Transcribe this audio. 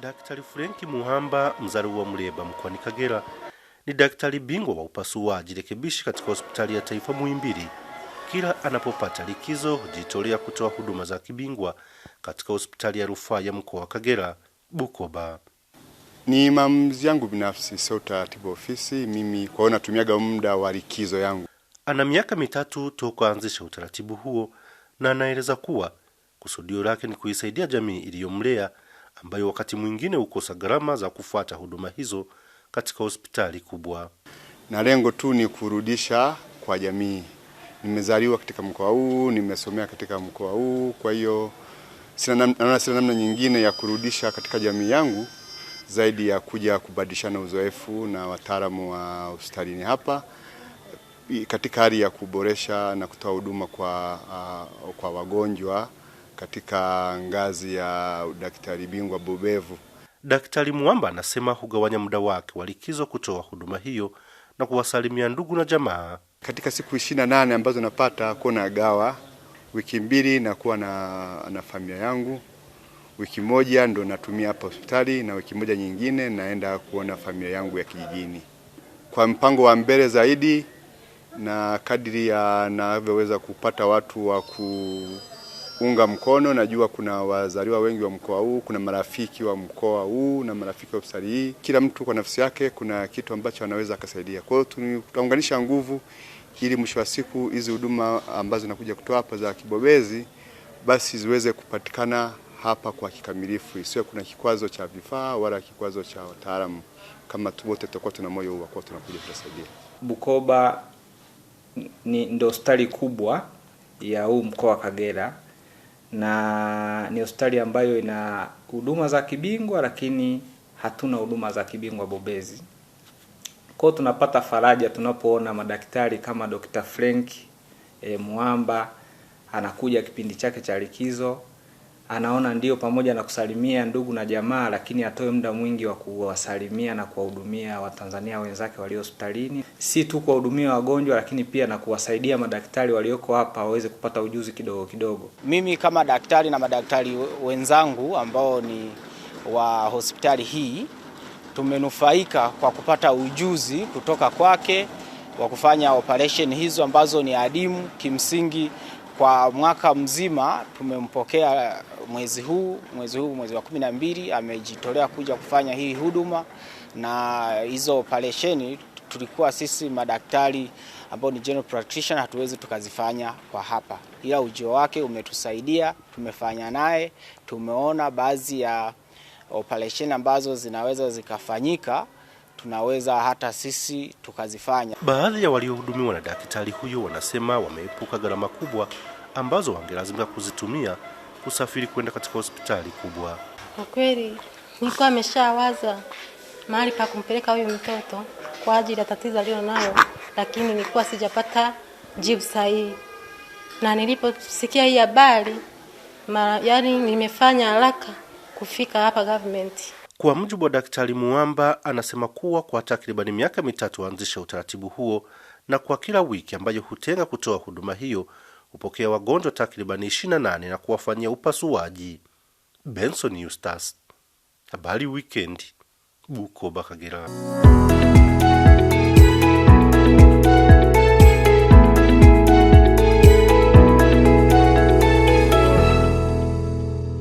Daktari Frenki Muhamba, mzaliwa wa mkoa mkoani Kagera, ni daktari bingwa wa upasuaji rekebishi katika hospitali ya taifa Muhimbili. Kila anapopata likizo hujitolea kutoa huduma za kibingwa katika hospitali ya rufaa ya mkoa wa Kagera, Bukoba. Ni maamuzi yangu binafsi, sio utaratibu ofisi. Mimi kwa hiyo natumiaga muda wa likizo yangu. Ana miaka mitatu toka anzisha utaratibu huo, na anaeleza kuwa kusudio lake ni kuisaidia jamii iliyomlea ambayo wakati mwingine hukosa gharama za kufuata huduma hizo katika hospitali kubwa, na lengo tu ni kurudisha kwa jamii. Nimezaliwa katika mkoa huu, nimesomea katika mkoa huu, kwa hiyo naona sina namna nyingine ya kurudisha katika jamii yangu zaidi ya kuja kubadilishana uzoefu na wataalamu wa hospitalini hapa katika hali ya kuboresha na kutoa huduma kwa, uh, kwa wagonjwa katika ngazi ya daktari bingwa bobevu. Daktari Mwamba anasema hugawanya muda wake wa likizo kutoa huduma hiyo na kuwasalimia ndugu na jamaa. Katika siku ishirini na nane ambazo napata kuwa gawa wiki mbili nakuwa na, na familia yangu, wiki moja ndo natumia hapa hospitali na wiki moja nyingine naenda kuona familia yangu ya kijijini. Kwa mpango wa mbele zaidi na kadiri ya navyoweza kupata watu wa ku kuunga mkono. Najua kuna wazaliwa wengi wa mkoa huu, kuna marafiki wa mkoa huu na marafiki wa hospitali hii. Kila mtu kwa nafsi yake kuna kitu ambacho anaweza akasaidia. Kwa hiyo tutaunganisha nguvu ili mwisho wa siku hizi huduma ambazo zinakuja kutoa hapa za kibobezi basi ziweze kupatikana hapa kwa kikamilifu, isiwe kuna kikwazo cha vifaa wala kikwazo cha wataalamu. Kama tu wote tutakuwa tuna moyo huu wa kuwa tunakuja kusaidia. Bukoba ni ndo stari kubwa ya huu mkoa wa Kagera na ni hospitali ambayo ina huduma za kibingwa, lakini hatuna huduma za kibingwa bobezi. Kwa tunapata faraja tunapoona madaktari kama Dr. Frank e, Mwamba anakuja kipindi chake cha likizo anaona ndio pamoja na kusalimia ndugu na jamaa, lakini atoe muda mwingi wa kuwasalimia na kuwahudumia Watanzania wenzake walio hospitalini, si tu kuwahudumia wagonjwa, lakini pia na kuwasaidia madaktari walioko hapa waweze kupata ujuzi kidogo kidogo. Mimi kama daktari na madaktari wenzangu ambao ni wa hospitali hii tumenufaika kwa kupata ujuzi kutoka kwake wa kufanya operation hizo ambazo ni adimu kimsingi kwa mwaka mzima tumempokea mwezi huu mwezi huu mwezi wa kumi na mbili amejitolea kuja kufanya hii huduma na hizo operesheni tulikuwa sisi madaktari ambao ni general practitioner hatuwezi tukazifanya kwa hapa, ila ujio wake umetusaidia. Tumefanya naye, tumeona baadhi ya operesheni ambazo zinaweza zikafanyika tunaweza hata sisi tukazifanya. Baadhi ya waliohudumiwa na daktari huyo wanasema wameepuka gharama kubwa ambazo wangelazimika kuzitumia kusafiri kwenda katika hospitali kubwa. Kwa kweli nilikuwa ameshawaza mahali pa kumpeleka huyu mtoto kwa ajili ya tatizo alionayo, lakini nilikuwa sijapata jibu sahihi, na niliposikia hii habari, yaani nimefanya haraka kufika hapa government. Kwa mujibu wa Daktari Muamba, anasema kuwa kwa takribani miaka mitatu waanzisha utaratibu huo, na kwa kila wiki ambayo hutenga kutoa huduma hiyo hupokea wagonjwa takribani 28 na kuwafanyia upasuaji. Benson Eustace, habari wikendi, Bukoba, Kagera.